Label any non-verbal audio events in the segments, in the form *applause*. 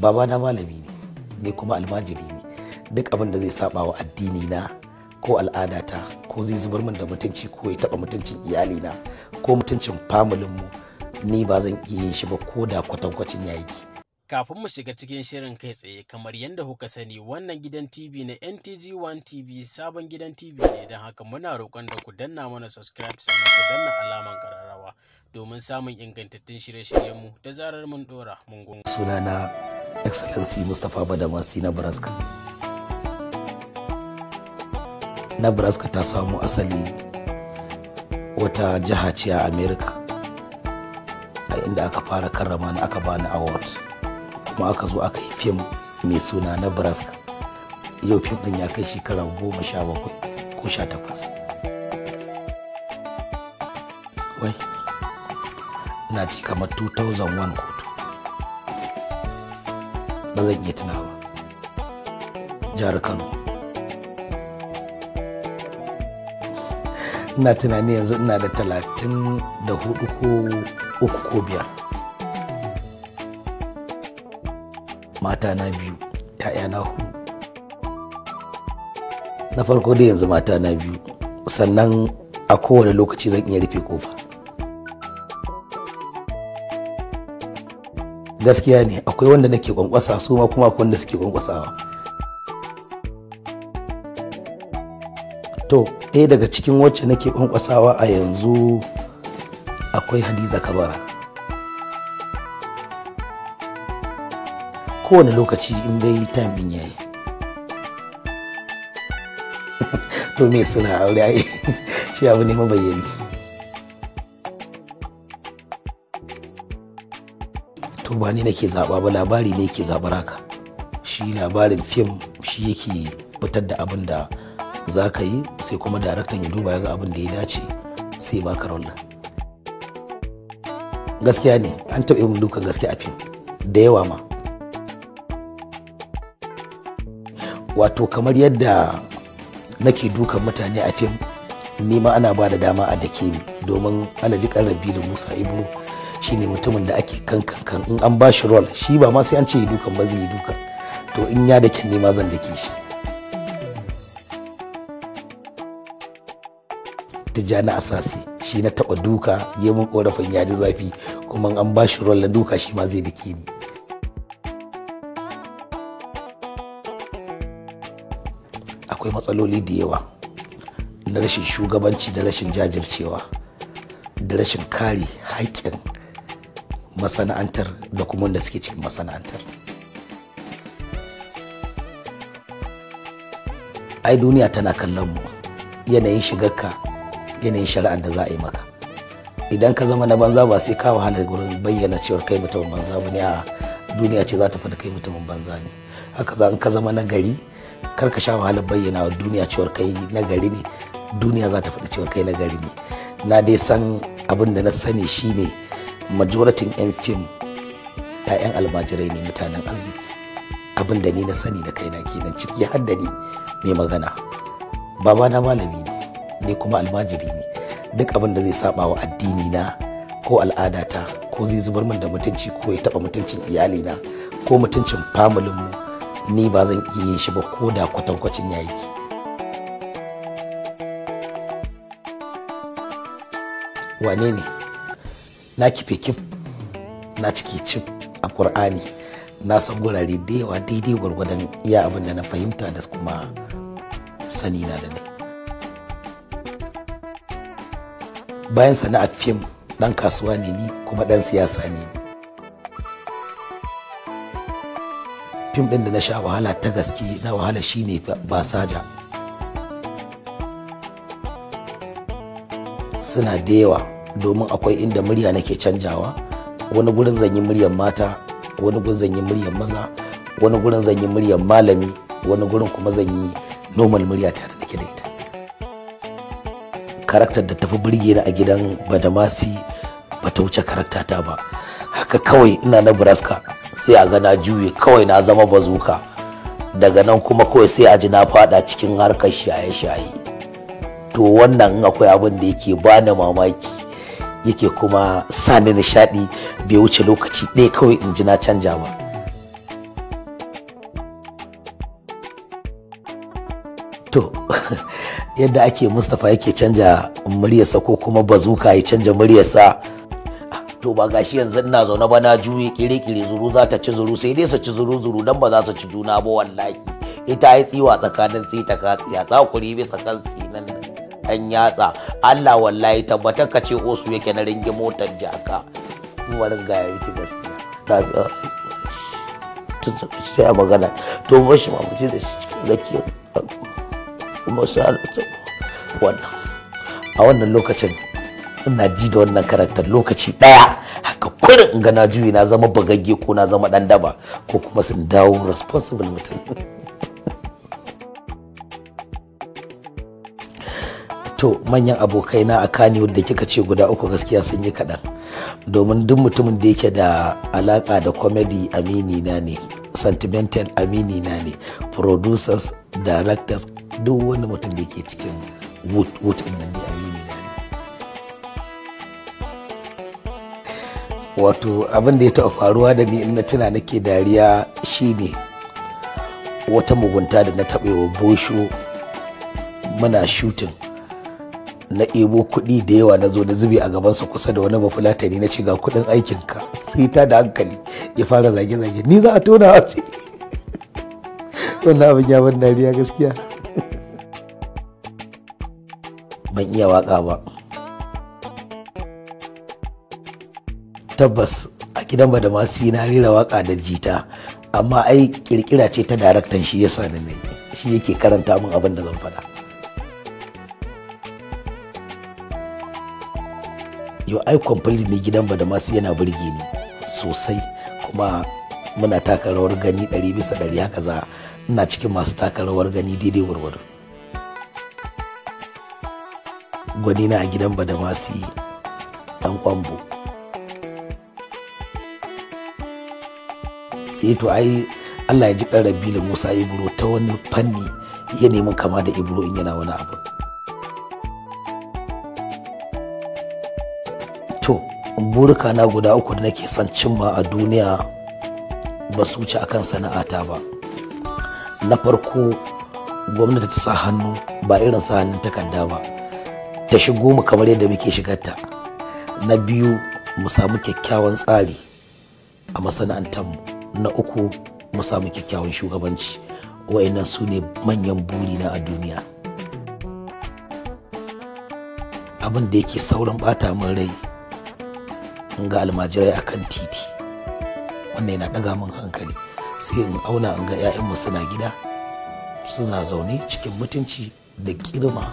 babana malami ne ni kuma almajiri ne duk abin da zai saba wa addini na ko al'adata ko zai zubar min da mutunci ko ya taba mutuncin iyali na ko mutuncin familin mu ni ba zan iya shi ba ko da kwatankwacin yayi kafin mu shiga cikin shirin kai tsaye kamar yadda kuka sani wannan gidan tv na ntg1 tv sabon gidan tv ne don haka muna roƙon da ku danna mana subscribe sannan ku danna alaman kararrawa domin samun ingantattun shirye-shiryenmu da zarar mun dora mun gungu sunana excellency mustapha badamasi na braska na ta samu asali wata jiha ce a america a inda aka fara karrama na aka bani award kuma aka zo aka yi fim mai suna na braska yau fim din ya kai shekara goma sha bakwai ko sha takwas wai na ji kamar 2001 ko ba zan iya tuna ba jihar kano ina tunani yanzu ina da talatin da hudu ko uku ko biyar mata na biyu ya'ya na hudu na farko da yanzu mata na biyu sannan a kowane lokaci zan iya rufe kofa gaskiya ne akwai wanda nake kwankwasa su ma kuma akwai wanda suke kwankwasawa to ɗaya daga cikin wacce nake kwankwasawa a yanzu akwai hadiza kabara kowane lokaci in dai tamin yayi *laughs* to me suna aure *laughs* shi abu ne mabayyani to ba ni nake zaba ba labari ne yake zaɓar haka shi labarin fim shi yake fitar da abin da za ka yi sai kuma daraktan ya duba yaga ga abin da ya dace sai ba ka raunin gaskiya ne an taɓa yin dukan gaskiya a fim da yawa ma wato kamar yadda nake dukan mutane a fim ni ma ana ba da dama a dake ni domin alaji ƙarar da musa ibro shine mutumin da ake kan kan in an bashi rol shi ba ma sai an ce yi dukan ba zai yi dukan to in ya da kyan ma zan dake shi tijjani asasi shi na taɓa duka ya mun ƙorafin ya ji zafi kuma an ba shi rol na duka shi ma zai dake ni akwai matsaloli da yawa na rashin shugabanci da rashin jajircewa da rashin kare haƙƙin masana'antar da kuma wanda suke cikin masana'antar ai duniya tana kallon mu yanayin shigarka yanayin shari'ar da za a yi maka idan ka zama na banza ba sai ka wahala gurin bayyana cewar kai mutumin banza ba ne a duniya ce za ta faɗi kai mutumin banza ne haka za ka zama na gari kar ka sha wahalar bayyana wa duniya cewar kai na gari ne duniya za ta faɗi cewar kai na gari ne na dai san abin da na sani shine majoratin 'yan fim 'ya'yan almajirai ne mutanen arziki abin da ni na sani da kaina kenan ciki har da ni mai magana baba na malami ne ne kuma almajiri ne duk abin da zai saba wa addini na ko al'adata ko zai zubar min da mutunci ko ya taba mutuncin iyalina ko mutuncin mu ni ba zan iya yin shi ba ko da kwatankwacin yayi wane ne na kife kif na ciki cif a ƙur'ani na san gurare da yawa daidai gwargwadon iya abin da na fahimta da kuma sani na da ne bayan sana'a fim ɗan kasuwa ne ni kuma ɗan siyasa ne ni fim ɗin da na sha wahala ta gaske na wahala shine basaja suna da yawa domin akwai inda murya nake canjawa wani gurin zan yi muryar mata wani gurin zan yi muryar maza wani gurin zan yi muryar malami wani gurin kuma zan yi normal murya ta da nake da ita karaktar da tafi birge ni a gidan badamasi ba ta wuce karakta ta ba haka kawai ina na buraska sai a gana juye kawai na zama bazuka daga nan kuma kawai sai a ji na fada cikin harkar shaye-shaye to wannan akwai abin da yake bani mamaki yake kuma sa ni nishaɗi bai wuce lokaci ɗaya kawai in ji na canja ba. to *laughs* yadda ake mustapha yake canja muryarsa ko kuma bazuka ya canja muryarsa to ba gashi yanzu ina zaune ba na juye kire-kire zuru za ta ci zuru sai dai su ci zuru zuru dan ba za su ci juna ba wallahi ita yi tsiwa tsakanin tsita ka tsiya za ku ribe tsinan nan dan yatsa Allah wallahi tabbata ka ce osu yake na ringi motar jaka warin ga yake gaskiya tun sai a magana to ba shi ma mutum da shi cikin zaki kuma sa wannan a wannan lokacin ina ji da wannan karakter lokaci daya haka kurin in ga na juyi na zama bagagge ko na zama dan daba ko kuma sun dawo responsible mutum to manyan abokaina a da kika ce guda uku gaskiya sun yi kaɗan domin duk mutumin da yake da alaƙa da comedy amini na ne sentimental amini na ne producers directors duk wani mutum da yake cikin wood wood nan ne amini na ne wato abin da ya taɓa faruwa da ni na tuna nake dariya shine wata mugunta da na taɓa wa bosho muna shooting na ebo kuɗi da yawa na zo na zube a gabansa kusa da wani bafulatani na ce ga kuɗin aikinka sai ta da hankali ya fara zage-zage ni za a tona a ce *laughs* wannan abin ya ban dariya gaskiya *laughs* ban iya waka ba tabbas a gidan badamasi na rera waka da jita amma ai kirkira ce ta daraktan shi yasa da shi yake karanta min abin da zan faɗa yo ai kwamfali ne gidan badamasi yana birge ni sosai kuma muna taka rawar gani ɗari bisa ɗari haka za ina cikin masu taka rawar gani daidai gwargwado gwani na a gidan badamasi dan kwambo e to ai Allah ya ji kan Musa Ibro ta wani fanni ya nemi kama da Ibro in yana wani abu burika na guda uku da nake son cimma a duniya ba su wuce akan sana'ata ba na farko gwamnati ta sa hannu ba irin sa hannun takarda ba ta shigo mu kamar yadda muke shigarta na biyu mu samu kyakkyawan tsari a masana'antarmu na uku mu samu kyakkyawan shugabanci wa'annan su ne manyan na a duniya abin da yake saurin bata min rai in ga almajirai a kan titi wannan yana daga min hankali sai in auna in ga 'ya'yanmu suna gida suna zaune cikin mutunci da kirma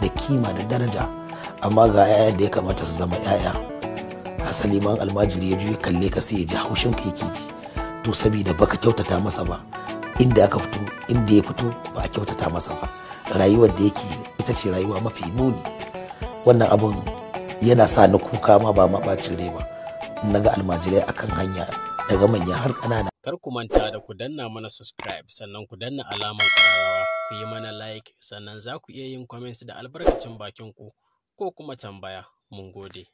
da kima da daraja amma ga 'ya'yan da ya kamata su zama 'ya'ya asali man almajiri ya juya kalle ka sai ya ji haushin kai ji to saboda baka kyautata masa ba inda aka fito inda ya fito ba a kyautata masa ba rayuwar da yake ita ce rayuwa mafi muni wannan abun yana sa ni kuka ma ba maɓacin rai ba na ga almajirai akan hanya daga manya har ƙanana. Kar ku manta da ku danna mana subscribe sannan ku danna alamar ƙararrawa ku yi mana like sannan za ku iya yin comments da albarkacin bakin ku ko kuma tambaya mun gode.